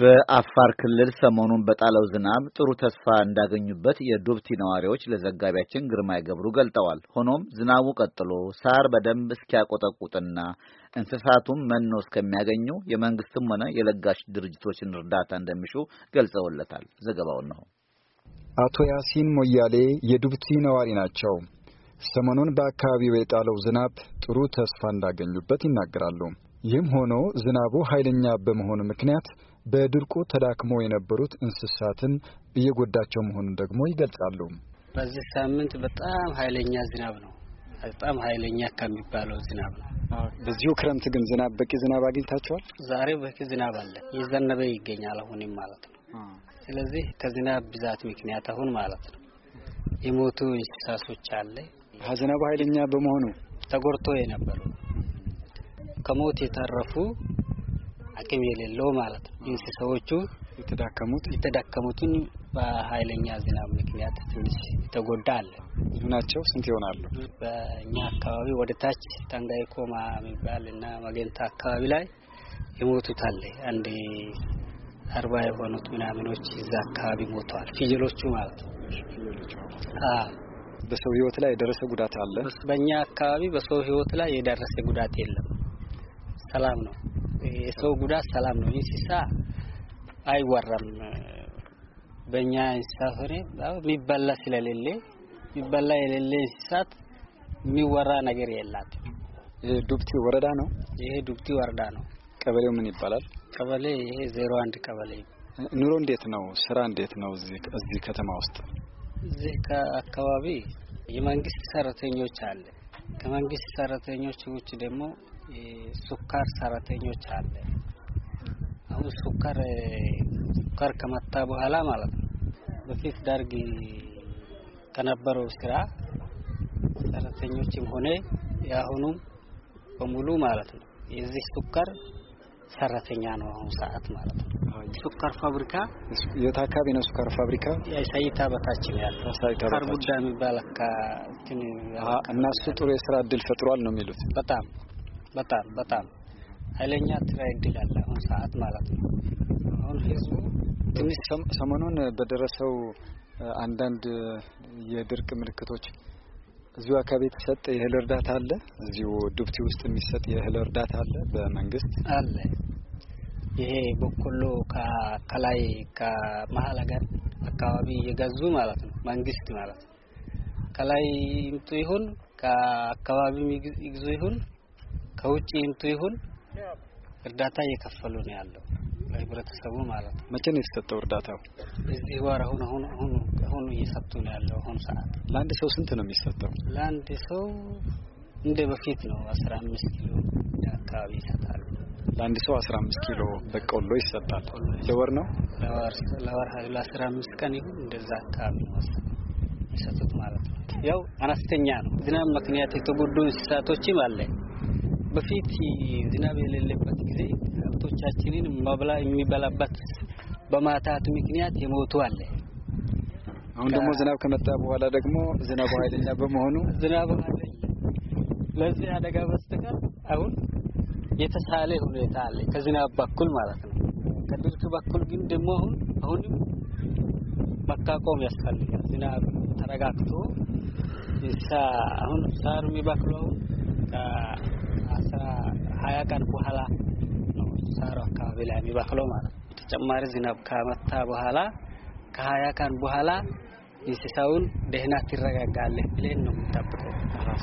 በአፋር ክልል ሰሞኑን በጣለው ዝናብ ጥሩ ተስፋ እንዳገኙበት የዱብቲ ነዋሪዎች ለዘጋቢያችን ግርማይ ገብሩ ገልጠዋል። ሆኖም ዝናቡ ቀጥሎ ሳር በደንብ እስኪያቆጠቁጥና እንስሳቱም መኖ እስከሚያገኙ የመንግስትም ሆነ የለጋሽ ድርጅቶችን እርዳታ እንደሚሹ ገልጸውለታል። ዘገባውን ነው። አቶ ያሲን ሞያሌ የዱብቲ ነዋሪ ናቸው። ሰሞኑን በአካባቢው የጣለው ዝናብ ጥሩ ተስፋ እንዳገኙበት ይናገራሉ። ይህም ሆኖ ዝናቡ ኃይለኛ በመሆኑ ምክንያት በድርቁ ተዳክሞ የነበሩት እንስሳትን እየጎዳቸው መሆኑን ደግሞ ይገልጻሉ። በዚህ ሳምንት በጣም ኃይለኛ ዝናብ ነው። በጣም ኃይለኛ ከሚባለው ዝናብ ነው። በዚሁ ክረምት ግን ዝናብ በቂ ዝናብ አግኝታቸዋል። ዛሬው በቂ ዝናብ አለ፣ የዘነበ ይገኛል አሁንም ማለት ነው። ስለዚህ ከዝናብ ብዛት ምክንያት አሁን ማለት ነው የሞቱ እንስሳቶች አለ ሀዘናው ኃይለኛ በመሆኑ ተጎድቶ የነበሩ ከሞት የተረፉ አቅም የሌለው ማለት ነው። እንስሳዎቹ የተዳከሙት የተዳከሙትን በኃይለኛ ዝናብ ምክንያት ትንሽ የተጎዳ አለ። ብዙ ናቸው። ስንት ይሆናሉ? በእኛ አካባቢ ወደ ታች ታንጋይ ኮማ የሚባል እና መገንታ አካባቢ ላይ የሞቱት አለ። አንድ አርባ የሆኑት ምናምኖች እዛ አካባቢ ሞተዋል። ፍየሎቹ ማለት ነው። በሰው ህይወት ላይ የደረሰ ጉዳት አለ? በእኛ አካባቢ በሰው ህይወት ላይ የደረሰ ጉዳት የለም። ሰላም ነው። የሰው ጉዳት ሰላም ነው። እንስሳ አይወራም። በእኛ እንስሳ ሆነ የሚበላ ስለሌለ የሚበላ የሌለ እንስሳት የሚወራ ነገር የላት። ዱብቲ ወረዳ ነው። ይሄ ዱብቲ ወረዳ ነው። ቀበሌው ምን ይባላል? ቀበሌ ይሄ ዜሮ አንድ ቀበሌ። ኑሮ እንዴት ነው? ስራ እንዴት ነው? እዚህ ከተማ ውስጥ እዚህ ከአካባቢ የመንግስት ሰራተኞች አለ። ከመንግስት ሰራተኞች ውጭ ደግሞ ሱካር ሰራተኞች አለ። አሁን ሱካር ሱካር ከመጣ በኋላ ማለት ነው በፊት ደርግ ከነበረው ስራ ሰራተኞችም ሆነ የአሁኑም በሙሉ ማለት ነው የዚህ ሱካር ሰራተኛ ነው አሁን ሰዓት ማለት ነው። ስኳር ፋብሪካ የት አካባቢ ነው? ስኳር ፋብሪካ ሳይታ በታች ነው ያለው። ሳይታ ጉዳ የሚባል እና እሱ ጥሩ የስራ እድል ፈጥሯል ነው የሚሉት። በጣም በጣም በጣም ኃይለኛ ትራይ እድል አለ አሁን ሰዓት ማለት ነው። አሁን ህዝቡ ትንሽ ሰሞኑን በደረሰው አንዳንድ የድርቅ ምልክቶች እዚሁ አካባቢ የተሰጠ የእህል እርዳታ አለ። እዚሁ ዱብቲ ውስጥ የሚሰጥ የእህል እርዳታ አለ በመንግስት አለ ይሄ በቆሎ ከላይ ከመሀል ሀገር አካባቢ የገዙ ማለት ነው፣ መንግስት ማለት ነው። ከላይ ይምጡ ይሁን ከአካባቢ ይግዙ ይሁን ከውጭ ይምጡ ይሁን እርዳታ እየከፈሉ ነው ያለው ለህብረተሰቡ ማለት ነው። መቼ ነው የተሰጠው እርዳታው? እዚህ ወር አሁን አሁን አሁን አሁን እየሰጡ ነው ያለው። አሁን ሰዓት ለአንድ ሰው ስንት ነው የሚሰጠው? ለአንድ ሰው እንደ በፊት ነው አስራ አምስት ኪሎ አካባቢ ይሰጣሉ። ለአንድ ሰው 15 ኪሎ በቆሎ ይሰጣል። ለወር ነው ለወር ለአስራ አምስት ቀን ይሁን እንደዛ አካባቢ ነው ማለት ነው። ያው አነስተኛ ነው። ዝናብ ምክንያት የተጎዱ እንስሳቶችም አለ። በፊት ዝናብ የሌለበት ጊዜ ከብቶቻችንን መብላ የሚበላበት በማታት ምክንያት የሞቱ አለ። አሁን ደግሞ ዝናብ ከመጣ በኋላ ደግሞ ዝናቡ ኃይለኛ በመሆኑ ዝናቡ ኃይለኛ ለዚህ አደጋ በስተቀር አሁን የተሳለ ሁኔታ አለ ከዝናብ በኩል ማለት ነው። ከድርቅ በኩል ግን ደግሞ አሁን አሁንም መቃቆም ያስፈልጋል። ዝናብ ተረጋግቶ እንስሳ አሁን ሳር የሚበቅለው ከአስራ ሀያ ቀን በኋላ ነው ሳሩ አካባቢ ላይ የሚበቅለው ማለት ነው። በተጨማሪ ዝናብ ከመታ በኋላ ከሀያ ቀን በኋላ እንስሳውን ደህና ትረጋጋለህ ብለን ነው የምንጠብቀው።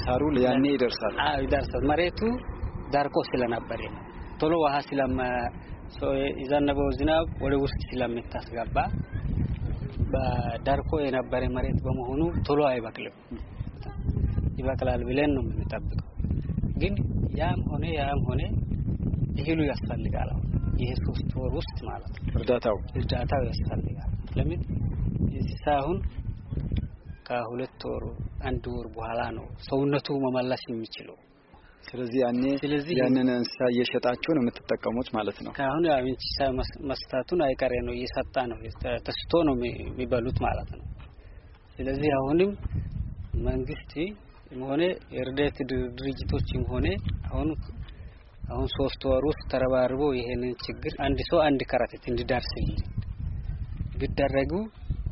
ሳሩ ያኔ ይደርሳል። ይደርሳል መሬቱ ዳርቆ ስለነበር ነው። ቶሎ ውሃ የዘነበው ዝናብ ወደ ውስጥ ስለምታስገባ በዳርቆ የነበረ መሬት በመሆኑ ቶሎ አይበቅልም። ይበቅላል ብለን ነው የምንጠብቀው። ግን ያም ሆነ ያም ሆነ እህሉ ያስፈልጋል። አሁን ይሄ ሶስት ወር ውስጥ ማለት ነው እርዳታው እርዳታው ያስፈልጋል። ለምን ሳሁን ከሁለት ወር አንድ ወር በኋላ ነው ሰውነቱ መመለስ የሚችለው። ስለዚህ ያኔ ስለዚህ ያንን እንስሳ እየሸጣችሁ ነው የምትጠቀሙት ማለት ነው። ከአሁኑ ያው እንስሳ አይቀሬ ነው እየሰጣ ነው ተስቶ ነው የሚበሉት ማለት ነው። ስለዚህ አሁንም መንግስት ሆነ የእርዳታ ድርጅቶችም ሆነ አሁን አሁን ሶስት ወር ውስጥ ተረባርቦ ይሄንን ችግር አንድ ሰው አንድ ከረጢት እንዲዳርስልን ቢደረጉ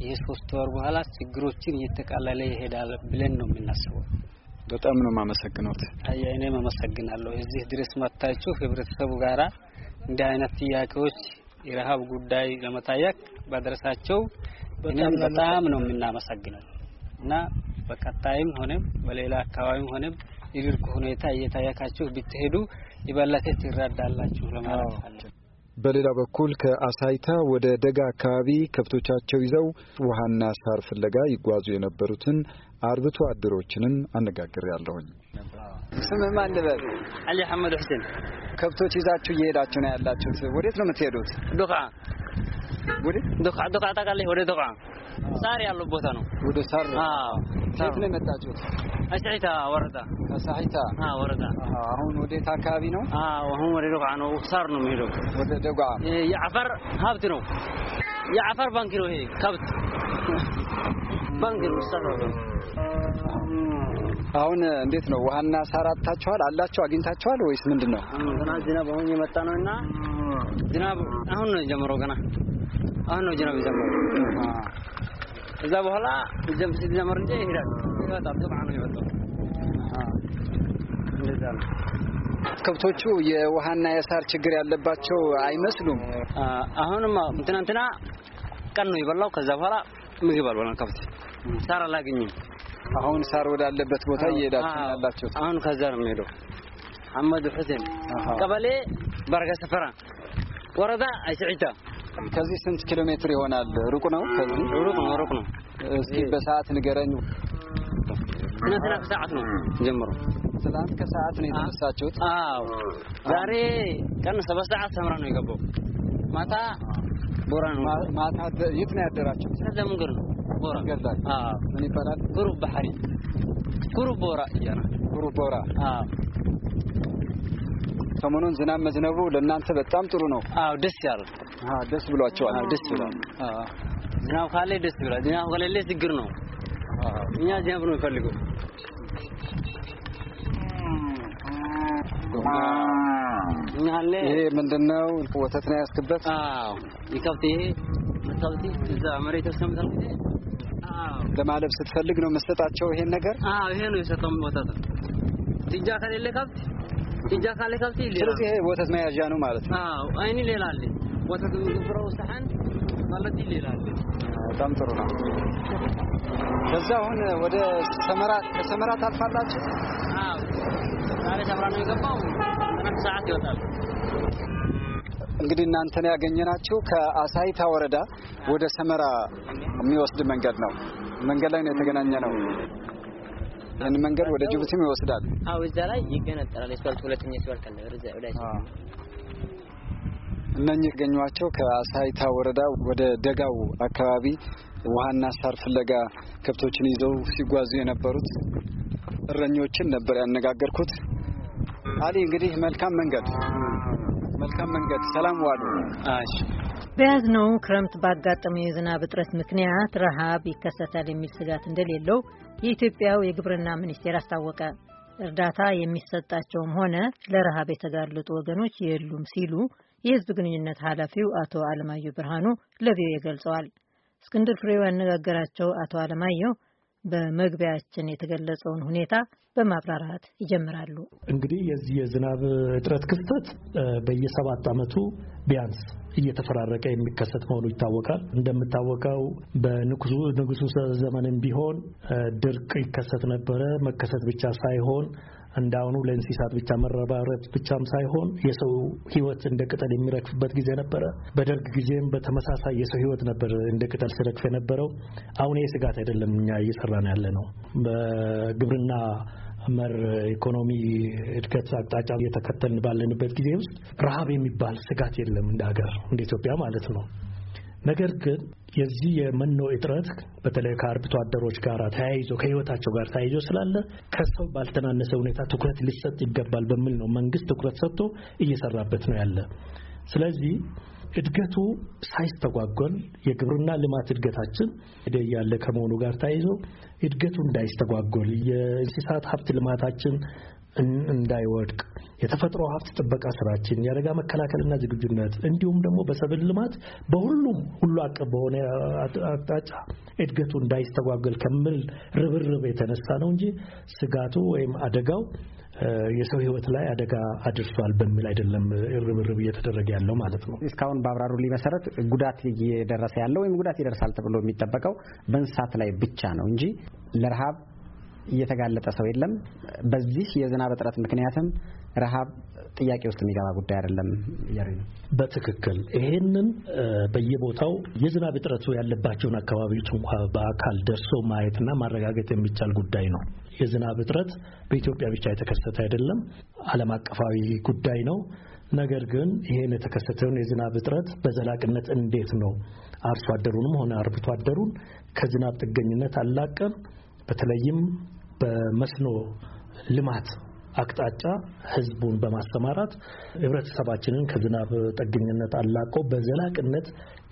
ይሄ ሶስት ወር በኋላ ችግሮችን እየተቃለለ ይሄዳል ብለን ነው የምናስበው። በጣም ነው የማመሰግነው። አያ እኔም አመሰግናለሁ። እዚህ ድረስ መታችሁ ህብረተሰቡ ጋራ እንዲህ አይነት ጥያቄዎች የረሃብ ጉዳይ ለመታየቅ በደረሳቸው እኔም በጣም ነው የምናመሰግነው እና በቀጣይም ሆነም በሌላ አካባቢም ሆነም የድርቅ ሁኔታ እየታያካችሁ ብትሄዱ የበለጠ ትረዳላችሁ ለማለት በሌላ በኩል ከአሳይታ ወደ ደጋ አካባቢ ከብቶቻቸው ይዘው ውሃና ሳር ፍለጋ ይጓዙ የነበሩትን አርብቶ አደሮችንም ያለሁኝ። ስም ማን ልበል? አሊ ሐመድ ሁሴን። ከብቶች ይዛችሁ እየሄዳችሁ ነው ያላችሁት። ወዴት ነው የምትሄዱት? ዱቃ ዱቃ ዱቃ ታውቃለህ? ወደ ዱቃ ሳር ያለው ቦታ ነው። ወደ ሳር አዎ። ሳር ነው የመጣችሁት? አሳሒታ ወረዳ። አሳሒታ አዎ፣ ወረዳ። አሁን ወዴት አካባቢ ነው? አዎ፣ አሁን ወደ ደጓ ነው። ሳር ነው የሚሄደው ወደ ደጓ። የአፈር ሀብት ነው። የአፈር ባንክ ነው ይሄ ከብት ባንክ ነው ሳር ነው። አሁን እንዴት ነው? ውሃና ሳር አጥታችኋል? አላችሁ? አግኝታችኋል ወይስ ምንድን ነው? ገና ዝናብ አሁን የመጣ ነው እና ዝናብ አሁን ነው የጀመረው። ገና አሁን ነው ዝናብ የጀመረው። እዛ በኋላ እጀም ሲጀመር እንጂ ይሄዳል ይወጣል ተባዓ ነው ይወጣል እንደዛ ነው ከብቶቹ የውሃና የሳር ችግር ያለባቸው አይመስሉም አሁንም ትናንትና ቀን ነው የበላው ከዛ በኋላ ምግብ አልበላም ከብት ሳር አላገኝም አሁን ሳር ወዳለበት ቦታ እየሄዳችሁ ያላችሁ አሁን ከዛ ነው የሚሄደው አመድ ሁሴን ቀበሌ በረጋ ሰፈራ ወረዳ አይስዒታ ከዚህ ስንት ኪሎ ሜትር ይሆናል? ሩቅ ነው። ከዚህ ሩቅ ነው፣ ሩቅ ነው። እስኪ በሰዓት ንገረኝ። እና ስላንት ከሰዓት ነው ጀምሮ። ትናንት ከሰዓት ነው የተነሳችሁት? አዎ። ዛሬ ቀን ሰባት ሰዓት ሰምራ ነው የገባው። ማታ ቦራ ነው። ማታ የት ነው ያደራችሁት? ከዛ መንገድ ነው ቦራ ገዛ። አዎ። ምን ይባላል? ኩሩብ ባህሪ ኩሩብ ቦራ እያና ኩሩብ ቦራ። አዎ ሰሞኑን ዝናብ መዝነቡ ለእናንተ በጣም ጥሩ ነው። አዎ ደስ ያለ ደስ ብሏቸዋል። አዎ ደስ ብሏል። አዎ ዝናብ ካለ ደስ ብሏል። ዝናብ ከሌለ ችግር ነው። አዎ እኛ ዝናብ ነው የሚፈልገው። ይሄ ምንድነው? ወተት ነው ያስክበት? አዎ ይከብት ይሄ መታውቲ እዛ መሬት አዎ ለማለብ ስትፈልግ ነው የምትሰጣቸው ይሄን ነገር? አዎ ይሄ ነው የሰጠው ወተት ትጃ ከሌለ ከብት እጃ ካለ ከብት ይል ስለዚህ ይሄ ወተት መያዣ ነው ማለት ነው። አዎ አይኒ ሌላ አለ ወተት ምብረው ሰሐን ማለት ሌላ አለ። በጣም ጥሩ ነው። ከዛ አሁን ወደ ሰመራ ከሰመራ ታልፋላችሁ? አዎ ዛሬ ሰመራ ነው የገባው። አራት ሰዓት ይወጣል። እንግዲህ እናንተን ያገኘናችሁ ከአሳይታ ወረዳ ወደ ሰመራ የሚወስድ መንገድ ነው። መንገድ ላይ ነው የተገናኘ ነው። ያን መንገድ ወደ ጅቡቲም ይወስዳል። አዎ እዛ ላይ ይገነጠላል። የስፋልት ሁለተኛ የስፋልት አለ እዛ ላይ እነኚህ ገኟቸው ከአሳይታ ወረዳ ወደ ደጋው አካባቢ ውሃና ሳር ፍለጋ ከብቶችን ይዘው ሲጓዙ የነበሩት እረኞችን ነበር ያነጋገርኩት። አሊ እንግዲህ መልካም መንገድ መልካም መንገድ። ሰላም ዋሉ። እሺ በያዝነው ክረምት ባጋጠመው የዝናብ እጥረት ምክንያት ረሃብ ይከሰታል የሚል ስጋት እንደሌለው የኢትዮጵያው የግብርና ሚኒስቴር አስታወቀ። እርዳታ የሚሰጣቸውም ሆነ ለረሃብ የተጋለጡ ወገኖች የሉም ሲሉ የሕዝብ ግንኙነት ኃላፊው አቶ አለማየሁ ብርሃኑ ለቪኦኤ ገልጸዋል። እስክንድር ፍሬው ያነጋገራቸው አቶ አለማየሁ በመግቢያችን የተገለጸውን ሁኔታ በማብራራት ይጀምራሉ። እንግዲህ የዚህ የዝናብ እጥረት ክስተት በየሰባት ዓመቱ ቢያንስ እየተፈራረቀ የሚከሰት መሆኑ ይታወቃል። እንደምታወቀው በንጉሱ ዘመንም ቢሆን ድርቅ ይከሰት ነበረ። መከሰት ብቻ ሳይሆን እንዳሁኑ ለእንስሳት ብቻ መረባረብ ብቻም ሳይሆን የሰው ህይወት እንደ ቅጠል የሚረግፍበት ጊዜ ነበረ። በደርግ ጊዜም በተመሳሳይ የሰው ህይወት ነበር እንደ ቅጠል ሲረግፍ የነበረው። አሁን ይህ ስጋት አይደለም። እኛ እየሰራን ያለ ነው በግብርና መር ኢኮኖሚ እድገት አቅጣጫ እየተከተልን ባለንበት ጊዜ ውስጥ ረሃብ የሚባል ስጋት የለም እንደ ሀገር እንደ ኢትዮጵያ ማለት ነው። ነገር ግን የዚህ የመኖ እጥረት በተለይ ከአርብቶ አደሮች ጋር ተያይዞ ከህይወታቸው ጋር ተያይዞ ስላለ ከሰው ባልተናነሰ ሁኔታ ትኩረት ሊሰጥ ይገባል በሚል ነው መንግስት ትኩረት ሰጥቶ እየሰራበት ነው ያለ። ስለዚህ እድገቱ ሳይስተጓጎል የግብርና ልማት እድገታችን ሄደ ያለ ከመሆኑ ጋር ተያይዞ እድገቱ እንዳይስተጓጎል የእንስሳት ሀብት ልማታችን እንዳይወድቅ የተፈጥሮ ሀብት ጥበቃ ስራችን፣ የአደጋ መከላከልና ዝግጁነት እንዲሁም ደግሞ በሰብል ልማት በሁሉም ሁሉ አቀፍ በሆነ አቅጣጫ እድገቱ እንዳይስተጓገል ከሚል ርብርብ የተነሳ ነው እንጂ ስጋቱ ወይም አደጋው የሰው ሕይወት ላይ አደጋ አድርሷል በሚል አይደለም ርብርብ እየተደረገ ያለው ማለት ነው። እስካሁን በአብራሩ መሰረት ጉዳት እየደረሰ ያለው ወይም ጉዳት ይደርሳል ተብሎ የሚጠበቀው በእንስሳት ላይ ብቻ ነው እንጂ ለረሃብ እየተጋለጠ ሰው የለም። በዚህ የዝናብ እጥረት ምክንያትም ረሃብ ጥያቄ ውስጥ የሚገባ ጉዳይ አይደለም እያሉ ነው። በትክክል ይሄንን በየቦታው የዝናብ እጥረቱ ያለባቸውን አካባቢዎች እንኳ በአካል ደርሶ ማየትና ማረጋገጥ የሚቻል ጉዳይ ነው። የዝናብ እጥረት በኢትዮጵያ ብቻ የተከሰተ አይደለም፣ ዓለም አቀፋዊ ጉዳይ ነው። ነገር ግን ይሄን የተከሰተውን የዝናብ እጥረት በዘላቂነት እንዴት ነው አርሶ አደሩንም ሆነ አርብቶ አደሩን ከዝናብ ጥገኝነት አላቀም በተለይም በመስኖ ልማት አቅጣጫ ህዝቡን በማስተማራት ህብረተሰባችንን ከዝናብ ጠግኝነት አላቆ በዘላቅነት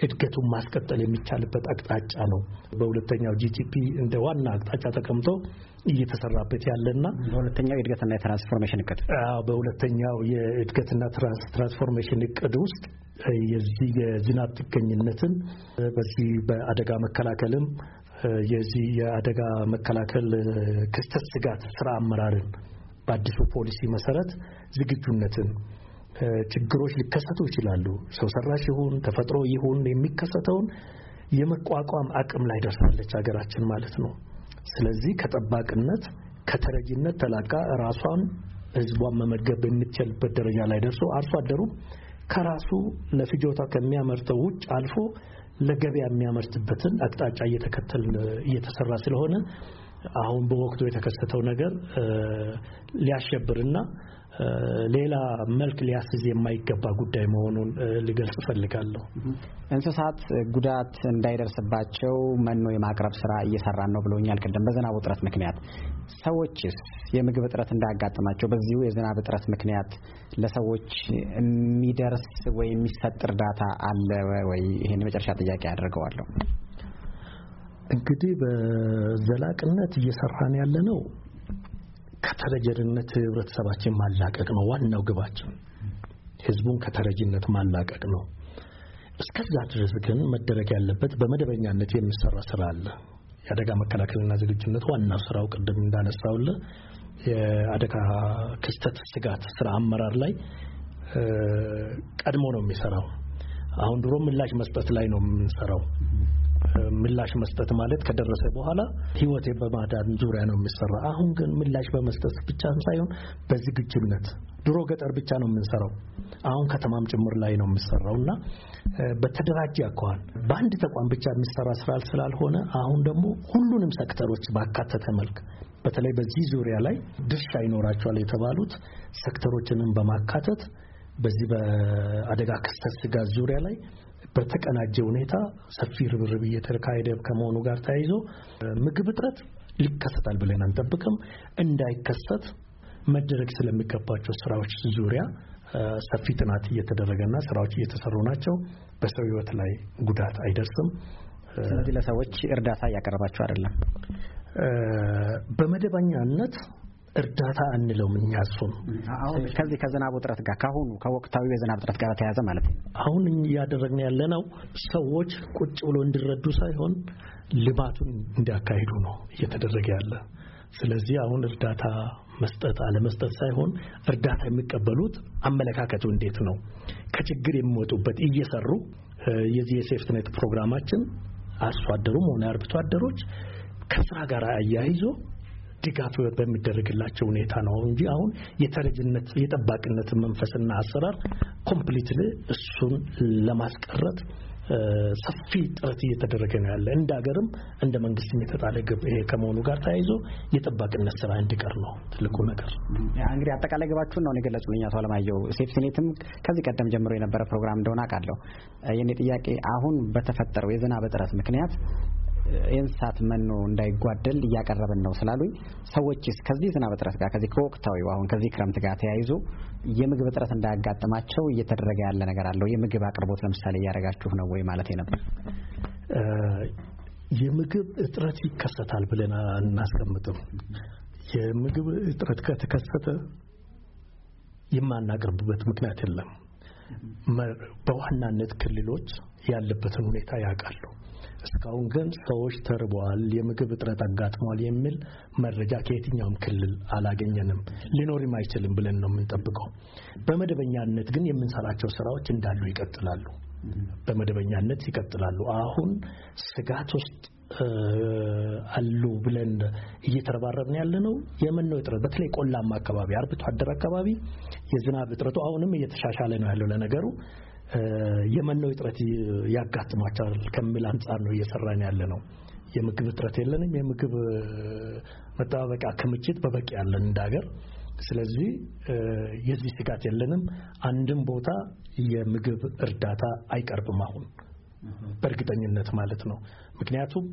እድገቱን ማስቀጠል የሚቻልበት አቅጣጫ ነው። በሁለተኛው ጂቲፒ እንደ ዋና አቅጣጫ ተቀምጦ እየተሰራበት ያለና በሁለተኛው የእድገትና የትራንስፎርሜሽን እቅድ በሁለተኛው የእድገትና ትራንስፎርሜሽን እቅድ ውስጥ የዚህ የዝናብ ጥገኝነትን በዚህ በአደጋ መከላከልም የዚህ የአደጋ መከላከል ክስተት ስጋት ስራ አመራርን በአዲሱ ፖሊሲ መሰረት ዝግጁነትን ችግሮች ሊከሰቱ ይችላሉ። ሰው ሰራሽ ይሁን ተፈጥሮ ይሁን የሚከሰተውን የመቋቋም አቅም ላይ ደርሳለች ሀገራችን ማለት ነው። ስለዚህ ከጠባቅነት ከተረጂነት ተላቃ ራሷን ህዝቧን መመገብ በሚችልበት ደረጃ ላይ ደርሶ አርሶ አደሩም ከራሱ ለፍጆታ ከሚያመርተው ውጭ አልፎ ለገበያ የሚያመርትበትን አቅጣጫ እየተከተል እየተሰራ ስለሆነ አሁን በወቅቱ የተከሰተው ነገር ሊያሸብርና ሌላ መልክ ሊያስዝ የማይገባ ጉዳይ መሆኑን ልገልጽ እፈልጋለሁ። እንስሳት ጉዳት እንዳይደርስባቸው መኖ የማቅረብ ስራ እየሰራን ነው ብሎኛል ቅድም በዝናብ እጥረት ምክንያት። ሰዎችስ የምግብ እጥረት እንዳያጋጥማቸው በዚሁ የዝናብ እጥረት ምክንያት ለሰዎች የሚደርስ ወይ የሚሰጥ እርዳታ አለ ወይ? ይሄን የመጨረሻ ጥያቄ አድርገዋለሁ። እንግዲህ በዘላቅነት እየሰራን ያለ ነው ከተረጀነት ህብረተሰባችን ማላቀቅ ነው ዋናው ግባችን። ህዝቡን ከተረጅነት ማላቀቅ ነው። እስከዛ ድረስ ግን መደረግ ያለበት በመደበኛነት የሚሰራ ስራ አለ። የአደጋ መከላከልና ዝግጁነት ዋናው ስራው ቅድም እንዳነሳውልህ የአደጋ ክስተት ስጋት ስራ አመራር ላይ ቀድሞ ነው የሚሰራው። አሁን ድሮ ምላሽ መስጠት ላይ ነው የምንሰራው። ምላሽ መስጠት ማለት ከደረሰ በኋላ ህይወት በማዳን ዙሪያ ነው የሚሰራ። አሁን ግን ምላሽ በመስጠት ብቻ ሳይሆን በዝግጅነት ድሮ ገጠር ብቻ ነው የምንሰራው፣ አሁን ከተማም ጭምር ላይ ነው የሚሰራው እና በተደራጀ አኳኋን በአንድ ተቋም ብቻ የሚሰራ ስራ ስላልሆነ አሁን ደግሞ ሁሉንም ሴክተሮች ባካተተ መልክ በተለይ በዚህ ዙሪያ ላይ ድርሻ ይኖራቸዋል የተባሉት ሴክተሮችንም በማካተት በዚህ በአደጋ ክስተት ስጋት ዙሪያ ላይ በተቀናጀ ሁኔታ ሰፊ ርብርብ እየተካሄደ ከመሆኑ ጋር ተያይዞ ምግብ እጥረት ሊከሰታል ብለን አንጠብቅም። እንዳይከሰት መደረግ ስለሚገባቸው ስራዎች ዙሪያ ሰፊ ጥናት እየተደረገና ስራዎች እየተሰሩ ናቸው። በሰው ህይወት ላይ ጉዳት አይደርስም። ስለዚህ ለሰዎች እርዳታ እያቀረባቸው አይደለም። በመደበኛነት እርዳታ አንለውም እኛ። እሱም ከዚህ ከዝናብ ውጥረት ጋር ከአሁኑ ከወቅታዊ የዝናብ ውጥረት ጋር ተያዘ ማለት ነው። አሁን እያደረግን ያለ ነው ሰዎች ቁጭ ብሎ እንዲረዱ ሳይሆን ልማቱን እንዲያካሂዱ ነው እየተደረገ ያለ። ስለዚህ አሁን እርዳታ መስጠት አለመስጠት ሳይሆን እርዳታ የሚቀበሉት አመለካከቱ እንዴት ነው፣ ከችግር የሚወጡበት እየሰሩ የዚህ የሴፍትኔት ፕሮግራማችን አርሶ አደሩም ሆነ አርብቶ አደሮች ከስራ ጋር አያይዞ ድጋፍ በሚደረግላቸው ሁኔታ ነው እንጂ አሁን የተረጅነት የጠባቂነት መንፈስና አሰራር ኮምፕሊትሊ እሱን ለማስቀረት ሰፊ ጥረት እየተደረገ ነው ያለ እንደ ሀገርም እንደ መንግስትም የተጣለ ግብ ይሄ ከመሆኑ ጋር ተያይዞ የጠባቅነት ስራ እንዲቀር ነው ትልቁ ነገር። እንግዲህ አጠቃላይ ግባችሁን ነው የገለጹልኝ አቶ አለማየሁ። ሴፍቲኔትም ከዚህ ቀደም ጀምሮ የነበረ ፕሮግራም እንደሆነ አውቃለሁ። የኔ ጥያቄ አሁን በተፈጠረው የዝናብ እጥረት ምክንያት የእንስሳት መኖ እንዳይጓደል እያቀረብን ነው ስላሉኝ ሰዎችስ ከዚህ ዝናብ እጥረት ጋር ከዚህ ከወቅታዊ አሁን ከዚህ ክረምት ጋር ተያይዞ የምግብ እጥረት እንዳያጋጥማቸው እየተደረገ ያለ ነገር አለው? የምግብ አቅርቦት ለምሳሌ እያደረጋችሁ ነው ወይ ማለት ነበር። የምግብ እጥረት ይከሰታል ብለን አናስቀምጥም። የምግብ እጥረት ከተከሰተ የማናቀርብበት ምክንያት የለም። በዋናነት ክልሎች ያለበትን ሁኔታ ያውቃሉ። እስካሁን ግን ሰዎች ተርበዋል፣ የምግብ እጥረት አጋጥሟል የሚል መረጃ ከየትኛውም ክልል አላገኘንም። ሊኖርም አይችልም ብለን ነው የምንጠብቀው። በመደበኛነት ግን የምንሰራቸው ስራዎች እንዳሉ ይቀጥላሉ። በመደበኛነት ይቀጥላሉ። አሁን ስጋት ውስጥ አሉ ብለን እየተረባረብን ያለ ነው የመኖ እጥረት፣ በተለይ ቆላማ አካባቢ፣ አርብቶ አደር አካባቢ የዝናብ እጥረቱ አሁንም እየተሻሻለ ነው ያለው ለነገሩ የመኖ እጥረት ያጋጥሟቸዋል ከሚል አንጻር ነው እየሰራን ያለ ነው። የምግብ እጥረት የለንም። የምግብ መጠባበቂያ ክምችት በበቂ ያለን እንደ ሀገር። ስለዚህ የዚህ ስጋት የለንም። አንድም ቦታ የምግብ እርዳታ አይቀርብም አሁን በእርግጠኝነት ማለት ነው። ምክንያቱም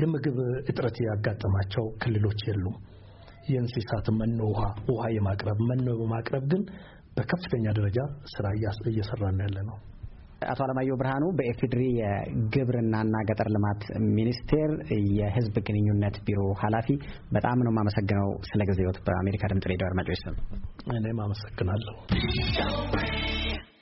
የምግብ እጥረት ያጋጠማቸው ክልሎች የሉም። የእንስሳት መኖ ውሃ ውሃ የማቅረብ መኖ በማቅረብ ግን በከፍተኛ ደረጃ ስራ እየሰራን ያለ ነው። አቶ አለማየሁ ብርሃኑ በኤፍድሪ የግብርናና ገጠር ልማት ሚኒስቴር የህዝብ ግንኙነት ቢሮ ኃላፊ፣ በጣም ነው የማመሰግነው ስለ ጊዜዎት። በአሜሪካ ድምጽ ሬዲዮ አድማጮች ስም እኔም አመሰግናለሁ።